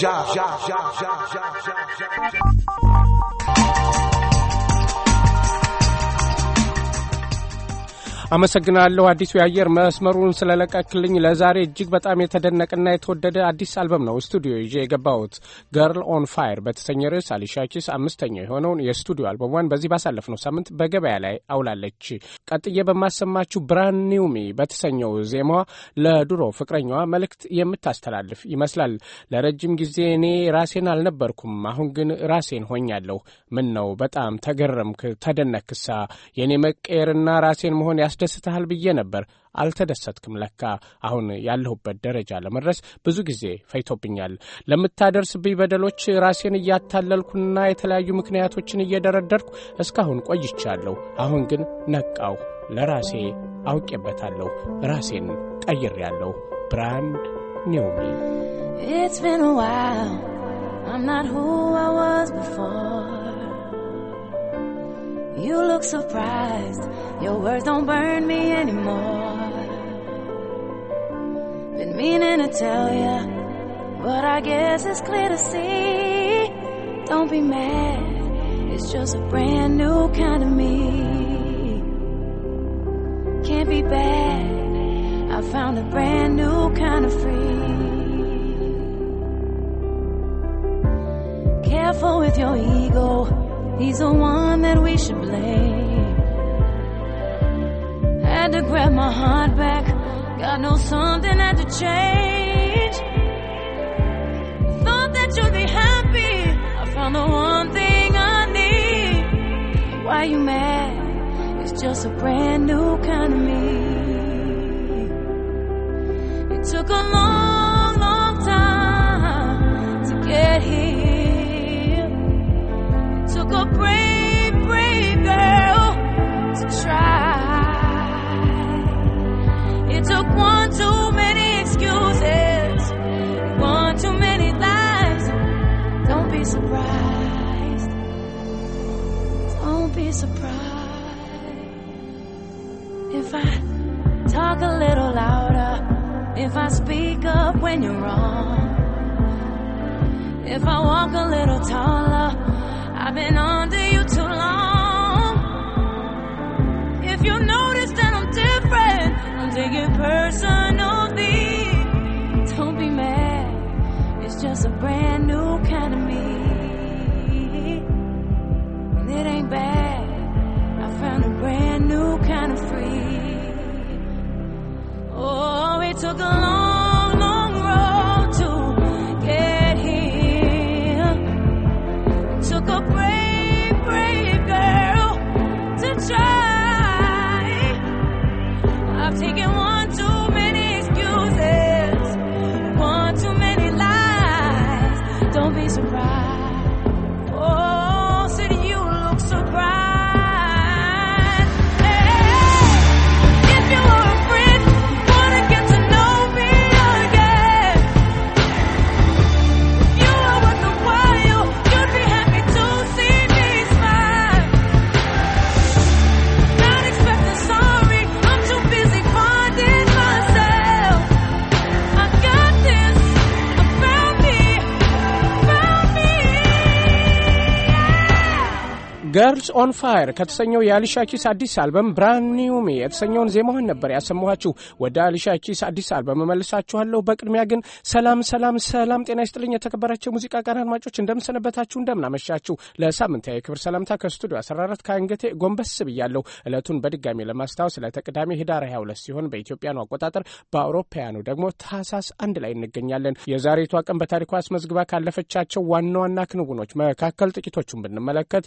job. job. job. job. job. job. job. job. አመሰግናለሁ አዲሱ የአየር መስመሩን ስለለቀክልኝ። ለዛሬ እጅግ በጣም የተደነቀና የተወደደ አዲስ አልበም ነው ስቱዲዮ ይዤ የገባሁት። ገርል ኦን ፋየር በተሰኘ ርዕስ አሊሻኪስ አምስተኛው የሆነውን የስቱዲዮ አልበሟን በዚህ ባሳለፍነው ሳምንት በገበያ ላይ አውላለች። ቀጥዬ በማሰማችሁ ብራንድ ኒው ሚ በተሰኘው ዜማዋ ለድሮ ፍቅረኛዋ መልእክት የምታስተላልፍ ይመስላል። ለረጅም ጊዜ እኔ ራሴን አልነበርኩም፣ አሁን ግን ራሴን ሆኛለሁ። ምን ነው በጣም ተገረምክ፣ ተደነክሳ የእኔ መቀየርና ራሴን መሆን ያስ ያስደስትሃል ብዬ ነበር፣ አልተደሰትክም ለካ። አሁን ያለሁበት ደረጃ ለመድረስ ብዙ ጊዜ ፈይቶብኛል። ለምታደርስብኝ በደሎች ራሴን እያታለልኩና የተለያዩ ምክንያቶችን እየደረደርኩ እስካሁን ቆይቻለሁ። አሁን ግን ነቃው፣ ለራሴ አውቄበታለሁ፣ ራሴን ቀይሬያለሁ። ብራንድ ኒው ሚ It's been a while. I'm not who I was before. You look surprised, your words don't burn me anymore. Been meaning to tell ya, but I guess it's clear to see. Don't be mad, it's just a brand new kind of me. Can't be bad, I found a brand new kind of free. Careful with your ego He's the one that we should blame. Had to grab my heart back. God knows something had to change. Thought that you'd be happy. I found the one thing I need. Why you mad? It's just a brand new kind of me. It took a long If I speak up when you're wrong, if I walk a little taller, I've been on ላይትስ ኦን ፋየር ከተሰኘው የአሊሻ ኪስ አዲስ አልበም ብራንድ ኒው ሚ የተሰኘውን ዜማዋን ነበር ያሰማኋችሁ። ወደ አሊሻ ኪስ አዲስ አልበም እመልሳችኋለሁ። በቅድሚያ ግን ሰላም፣ ሰላም፣ ሰላም ጤና ይስጥልኝ የተከበራቸው ሙዚቃ ቃና አድማጮች፣ እንደምንሰነበታችሁ፣ እንደምናመሻችሁ። ለሳምንታዊ የክብር ሰላምታ ከስቱዲዮ አሰራራት ከአንገቴ ጎንበስ ብያለሁ። እለቱን በድጋሚ ለማስታወስ ለተቅዳሜ ሂዳር 22 ሲሆን በኢትዮጵያኑ አቆጣጠር በአውሮፓውያኑ ደግሞ ታህሳስ አንድ ላይ እንገኛለን። የዛሬቷ ቀን በታሪኳ አስመዝግባ ካለፈቻቸው ዋና ዋና ክንውኖች መካከል ጥቂቶቹን ብንመለከት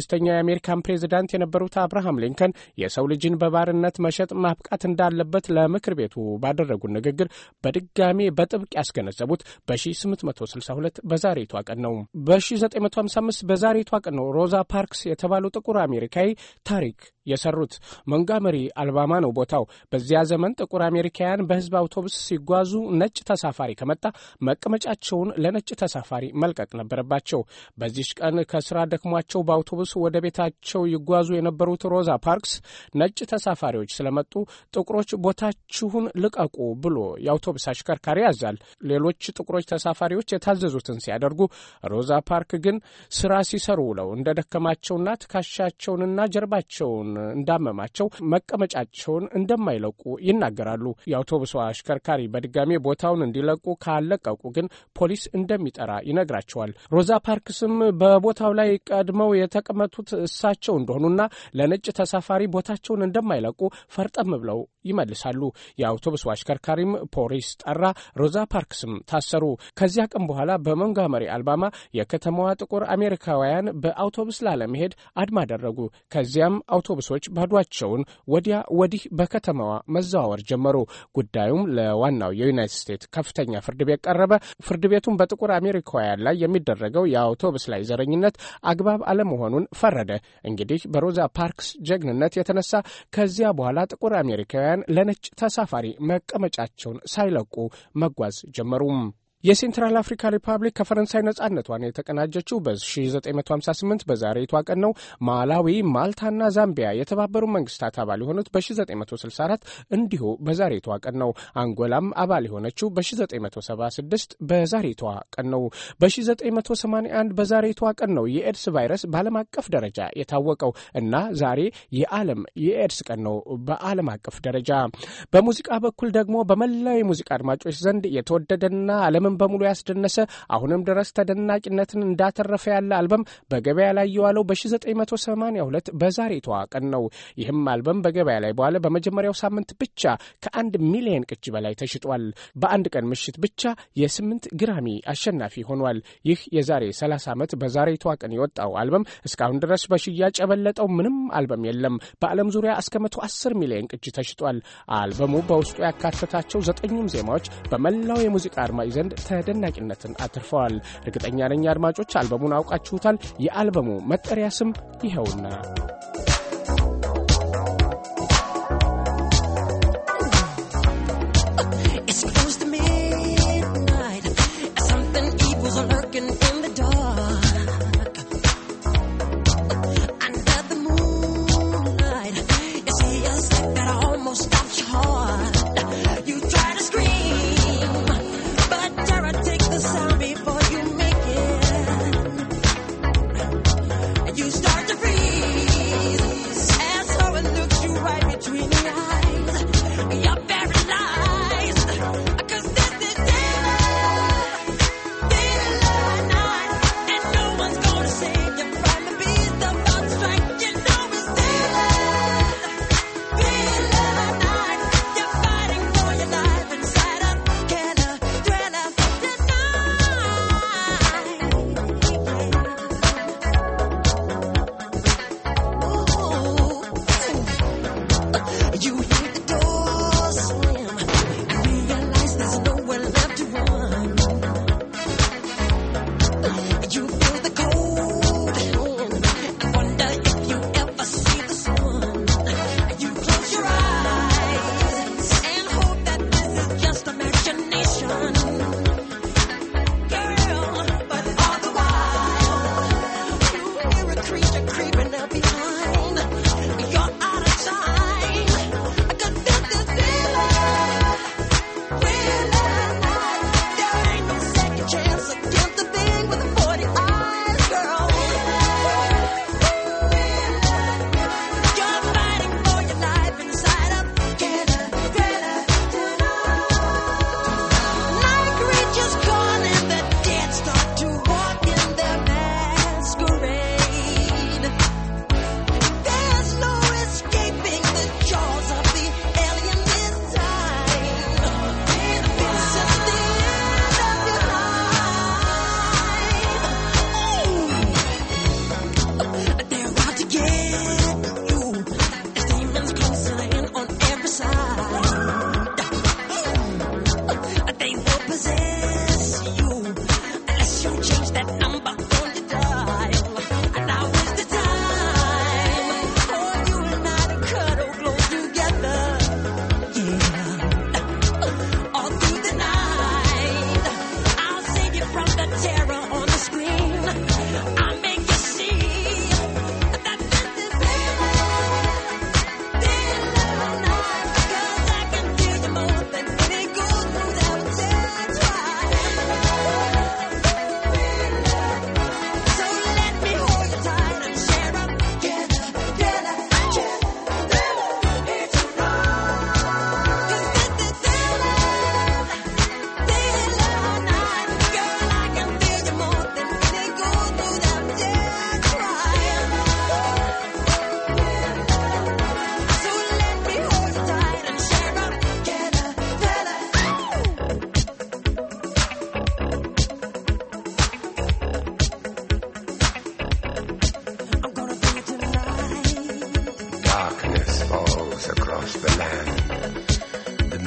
ስድስተኛው የአሜሪካን ፕሬዚዳንት የነበሩት አብርሃም ሊንከን የሰው ልጅን በባርነት መሸጥ ማብቃት እንዳለበት ለምክር ቤቱ ባደረጉት ንግግር በድጋሜ በጥብቅ ያስገነዘቡት በ1862 በዛሬቷ ቀን ነው። በ1955 በዛሬቷ ቀን ነው ሮዛ ፓርክስ የተባሉ ጥቁር አሜሪካዊ ታሪክ የሰሩት ሞንትጎመሪ አልባማ ነው ቦታው። በዚያ ዘመን ጥቁር አሜሪካውያን በህዝብ አውቶቡስ ሲጓዙ ነጭ ተሳፋሪ ከመጣ መቀመጫቸውን ለነጭ ተሳፋሪ መልቀቅ ነበረባቸው። በዚች ቀን ከስራ ደክሟቸው በአውቶቡስ ሐሙስ ወደ ቤታቸው ይጓዙ የነበሩት ሮዛ ፓርክስ ነጭ ተሳፋሪዎች ስለመጡ ጥቁሮች ቦታችሁን ልቀቁ ብሎ የአውቶቡስ አሽከርካሪ ያዛል። ሌሎች ጥቁሮች ተሳፋሪዎች የታዘዙትን ሲያደርጉ፣ ሮዛ ፓርክ ግን ስራ ሲሰሩ ውለው እንደደከማቸውና ትከሻቸውንና ጀርባቸውን እንዳመማቸው መቀመጫቸውን እንደማይለቁ ይናገራሉ። የአውቶቡሱ አሽከርካሪ በድጋሚ ቦታውን እንዲለቁ ካለቀቁ ግን ፖሊስ እንደሚጠራ ይነግራቸዋል። ሮዛ ፓርክስም በቦታው ላይ ቀድመው የተቀመ ያስቀመጡት እሳቸው እንደሆኑና ለነጭ ተሳፋሪ ቦታቸውን እንደማይለቁ ፈርጠም ብለው ይመልሳሉ። የአውቶቡስ አሽከርካሪም ፖሊስ ጠራ። ሮዛ ፓርክስም ታሰሩ። ከዚያ ቀን በኋላ በሞንጋመሪ አልባማ የከተማዋ ጥቁር አሜሪካውያን በአውቶቡስ ላለመሄድ አድማ አደረጉ። ከዚያም አውቶቡሶች ባዷቸውን ወዲያ ወዲህ በከተማዋ መዘዋወር ጀመሩ። ጉዳዩም ለዋናው የዩናይትድ ስቴትስ ከፍተኛ ፍርድ ቤት ቀረበ። ፍርድ ቤቱም በጥቁር አሜሪካውያን ላይ የሚደረገው የአውቶቡስ ላይ ዘረኝነት አግባብ አለመሆኑን ፈረደ። እንግዲህ በሮዛ ፓርክስ ጀግንነት የተነሳ ከዚያ በኋላ ጥቁር አሜሪካውያን ለነጭ ተሳፋሪ መቀመጫቸውን ሳይለቁ መጓዝ ጀመሩም። የሴንትራል አፍሪካ ሪፐብሊክ ከፈረንሳይ ነጻነቷን የተቀናጀችው በ1958 በዛሬቷ ቀን ነው። ማላዊ፣ ማልታና ዛምቢያ የተባበሩ መንግስታት አባል የሆኑት በ1964 እንዲሁ በዛሬቷ ቀን ነው። አንጎላም አባል የሆነችው በ1976 በዛሬቷ ቀን ነው። በ1981 በዛሬቷ ቀን ነው የኤድስ ቫይረስ በዓለም አቀፍ ደረጃ የታወቀው እና ዛሬ የዓለም የኤድስ ቀን ነው በዓለም አቀፍ ደረጃ። በሙዚቃ በኩል ደግሞ በመላው የሙዚቃ አድማጮች ዘንድ የተወደደና ዓለም ዓለምን በሙሉ ያስደነሰ አሁንም ድረስ ተደናቂነትን እንዳተረፈ ያለ አልበም በገበያ ላይ የዋለው በ1982 በዛሬቷ ቀን ነው። ይህም አልበም በገበያ ላይ በኋላ በመጀመሪያው ሳምንት ብቻ ከአንድ ሚሊየን ቅጅ በላይ ተሽጧል። በአንድ ቀን ምሽት ብቻ የስምንት ግራሚ አሸናፊ ሆኗል። ይህ የዛሬ 30 ዓመት በዛሬቷ ቀን የወጣው አልበም እስካሁን ድረስ በሽያጭ የበለጠው ምንም አልበም የለም። በዓለም ዙሪያ እስከ 110 ሚሊየን ቅጅ ተሽጧል። አልበሙ በውስጡ ያካተታቸው ዘጠኙም ዜማዎች በመላው የሙዚቃ አድማጭ ዘንድ ተደናቂነትን አትርፈዋል። እርግጠኛ ነኝ አድማጮች አልበሙን አውቃችሁታል። የአልበሙ መጠሪያ ስም ይኸውና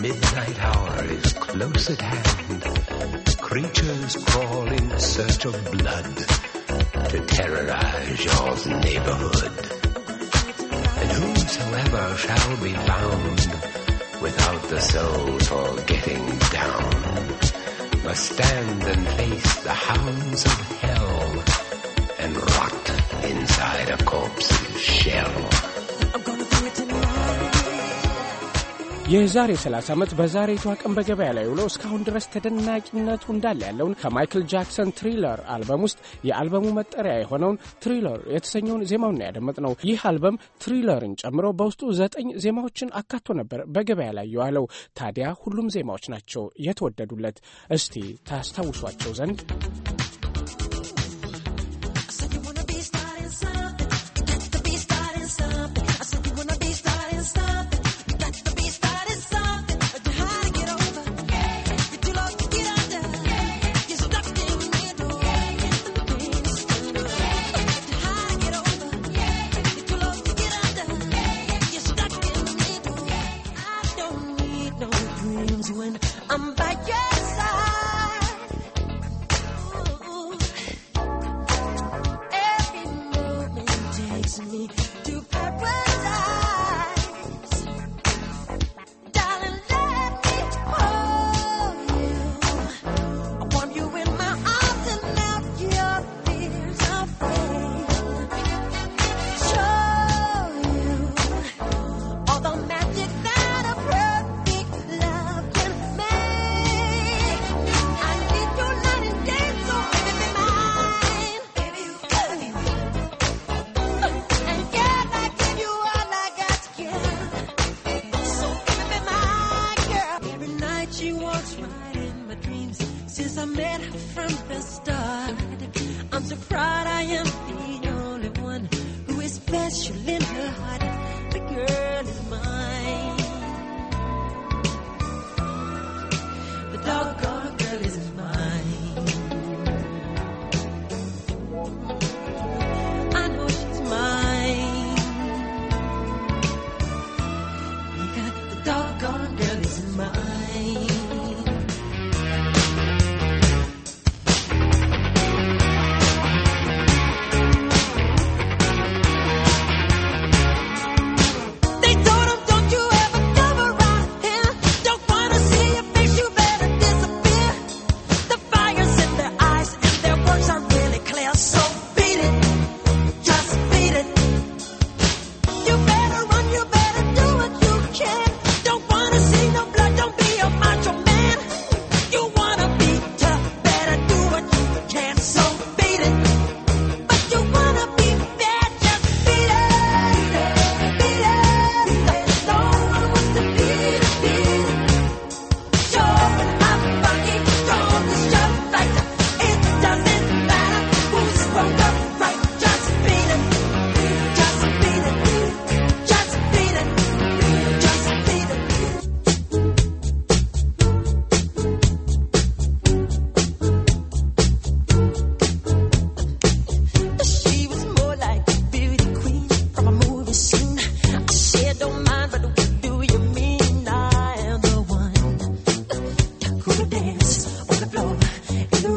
midnight hour is close at hand. Creatures crawl in search of blood to terrorize your neighborhood. And whosoever shall be found without the soul for getting down must stand and face the hounds of hell and rot inside a corpse's shell. የዛሬ 30 ዓመት በዛሬቷ ቀን በገበያ ላይ ውሎ እስካሁን ድረስ ተደናቂነቱ እንዳለ ያለውን ከማይክል ጃክሰን ትሪለር አልበም ውስጥ የአልበሙ መጠሪያ የሆነውን ትሪለር የተሰኘውን ዜማውን ያደመጥ ነው። ይህ አልበም ትሪለርን ጨምሮ በውስጡ ዘጠኝ ዜማዎችን አካቶ ነበር በገበያ ላይ የዋለው። ታዲያ ሁሉም ዜማዎች ናቸው የተወደዱለት። እስቲ ታስታውሷቸው ዘንድ gonna dance on the floor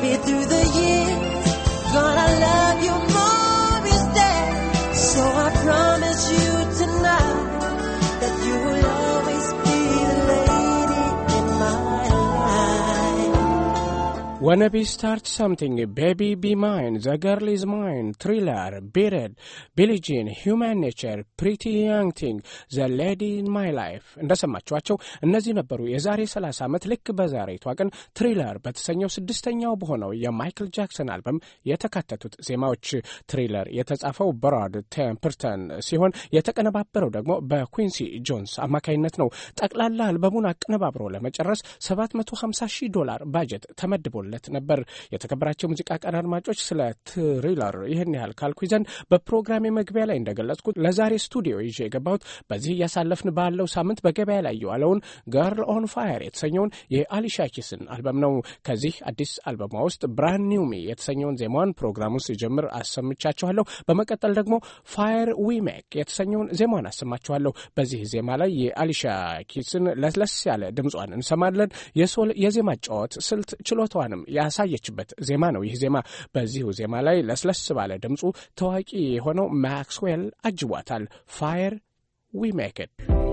baby, through. ወነቢ ስታርት ሳምቲንግ፣ ቤቢ ቢ ማይን፣ ዘ ገርል ኢዝ ማይን፣ ትሪለር፣ ቢረድ፣ ቢሊጂን፣ ሂውማን ኔቸር፣ ፕሪቲ ያንግ ቲንግ፣ ዘ ሌዲ ኢን ማይ ላይፍ እንደሰማችኋቸው እነዚህ ነበሩ የዛሬ 30 ዓመት ልክ በዛሬቷ ቀን ትሪለር በተሰኘው ስድስተኛው በሆነው የማይክል ጃክሰን አልበም የተካተቱት ዜማዎች። ትሪለር የተጻፈው በሮድ ቴምፕርተን ሲሆን የተቀነባበረው ደግሞ በኩንሲ ጆንስ አማካይነት ነው። ጠቅላላ አልበሙን አቀነባብሮ ለመጨረስ 750 ሺህ ዶላር ባጀት ተመድቦለት ማለት ነበር። የተከበራቸው ሙዚቃ ቀን አድማጮች፣ ስለ ትሪለር ይህን ያህል ካልኩ ይዘን በፕሮግራም መግቢያ ላይ እንደገለጽኩት ለዛሬ ስቱዲዮ ይዤ የገባሁት በዚህ እያሳለፍን ባለው ሳምንት በገበያ ላይ የዋለውን ገርል ኦን ፋየር የተሰኘውን የአሊሻ ኪስን አልበም ነው። ከዚህ አዲስ አልበሟ ውስጥ ብራኒውሚ ኒውሚ የተሰኘውን ዜማዋን ፕሮግራሙ ሲጀምር አሰምቻችኋለሁ። በመቀጠል ደግሞ ፋየር ዊሜክ የተሰኘውን ዜማዋን አሰማችኋለሁ። በዚህ ዜማ ላይ የአሊሻ ኪስን ለስለስ ያለ ድምጿን እንሰማለን። የሶል የዜማ ጫወት ስልት ችሎታዋንም ያሳየችበት ዜማ ነው። ይህ ዜማ በዚሁ ዜማ ላይ ለስለስ ባለ ድምፁ ታዋቂ የሆነው ማክስዌል አጅቧታል። ፋየር ዊ ሜክ ኢት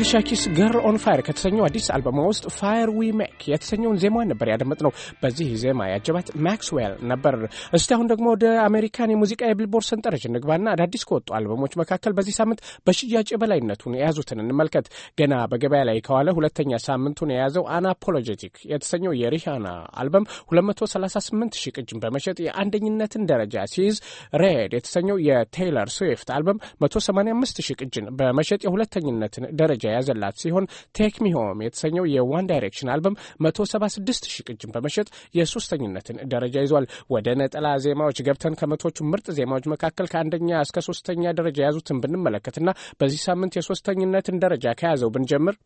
አሊሻ ገርል ኦን ፋየር ከተሰኘው አዲስ አልበሟ ውስጥ ፋየር ዊ ሜክ የተሰኘውን ዜማዋን ነበር ያደመጥነው። በዚህ ዜማ ያጀባት ማክስዌል ነበር። እስቲ አሁን ደግሞ ወደ አሜሪካን የሙዚቃ የቢልቦርድ ሰንጠረዥ እንግባና አዳዲስ ከወጡ አልበሞች መካከል በዚህ ሳምንት በሽያጭ የበላይነቱን የያዙትን እንመልከት። ገና በገበያ ላይ ከዋለ ሁለተኛ ሳምንቱን የያዘው አናፖሎጀቲክ የተሰኘው የሪሃና አልበም 238 ሺ ቅጅን በመሸጥ የአንደኝነትን ደረጃ ሲይዝ፣ ሬድ የተሰኘው የቴይለር ስዊፍት አልበም 185 ሺህ ቅጅን በመሸጥ የሁለተኝነትን ደረጃ የያዘላት ሲሆን ቴክ ሆም የተሰኘው የዋን ዳይሬክሽን አልበም 176 ሺህ ቅጅን በመሸጥ የሶስተኝነትን ደረጃ ይዟል። ወደ ነጠላ ዜማዎች ገብተን ከመቶቹ ምርጥ ዜማዎች መካከል ከአንደኛ እስከ ሶስተኛ ደረጃ የያዙትን ብንመለከትና በዚህ ሳምንት የሶስተኝነትን ደረጃ ከያዘው ብንጀምር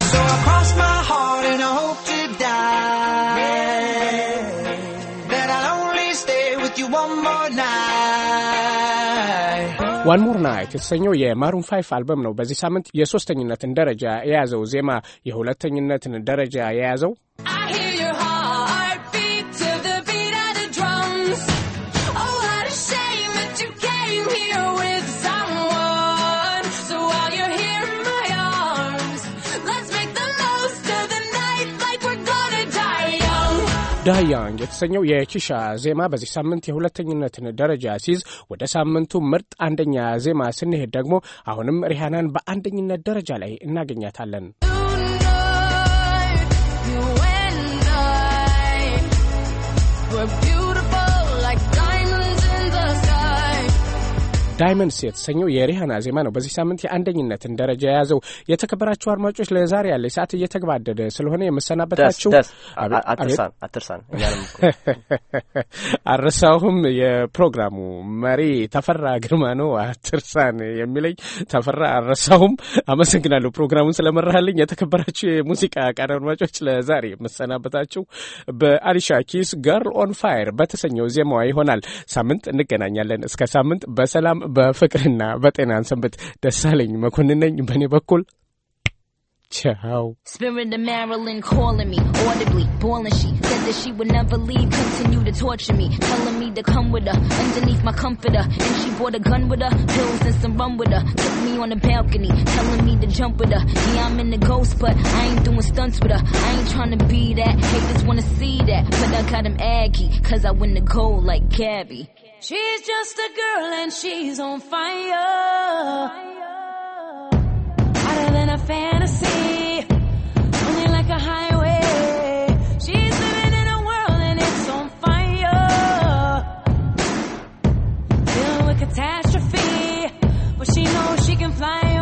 That I'll only stay with you one more night. ዋን ሞር ናይት የተሰኘው የማሩን ፋይፍ አልበም ነው። በዚህ ሳምንት የሶስተኝነትን ደረጃ የያዘው ዜማ የሁለተኝነትን ደረጃ የያዘው ዳያንግ የተሰኘው የቺሻ ዜማ በዚህ ሳምንት የሁለተኝነትን ደረጃ ሲይዝ ወደ ሳምንቱ ምርጥ አንደኛ ዜማ ስንሄድ ደግሞ አሁንም ሪሃናን በአንደኝነት ደረጃ ላይ እናገኛታለን። ዳይመንድስ የተሰኘው የሪሃና ዜማ ነው በዚህ ሳምንት የአንደኝነትን ደረጃ የያዘው። የተከበራችሁ አድማጮች ለዛሬ ያለ ሰዓት እየተገባደደ ስለሆነ የመሰናበታችሁ አትርሳን አረሳሁም። የፕሮግራሙ መሪ ተፈራ ግርማ ነው። አትርሳን የሚለኝ ተፈራ አረሳሁም። አመሰግናለሁ ፕሮግራሙን ስለመራሃልኝ። የተከበራችሁ የሙዚቃ ቃና አድማጮች ለዛሬ የመሰናበታችሁ በአሊሻ ኪስ ገርል ኦን ፋየር በተሰኘው ዜማዋ ይሆናል። ሳምንት እንገናኛለን። እስከ ሳምንት በሰላም በፍቅርና በጤና እንሰንብት። ደሳለኝ መኮንን ነኝ በእኔ በኩል Ciao. Spirit of Maryland calling me audibly, boiling she said that she would never leave, continue to torture me, telling me to come with her underneath my comforter. And she brought a gun with her, pills and some rum with her. Took me on the balcony, telling me to jump with her. Yeah, I'm in the ghost, but I ain't doing stunts with her. I ain't trying to be that. Haters wanna see that, but I got him aggy, cause I win the gold like Gabby. She's just a girl and she's on fire. Hotter than a fantasy, only like a highway. She's living in a world and it's on fire. Dealing with catastrophe, but she knows she can fly.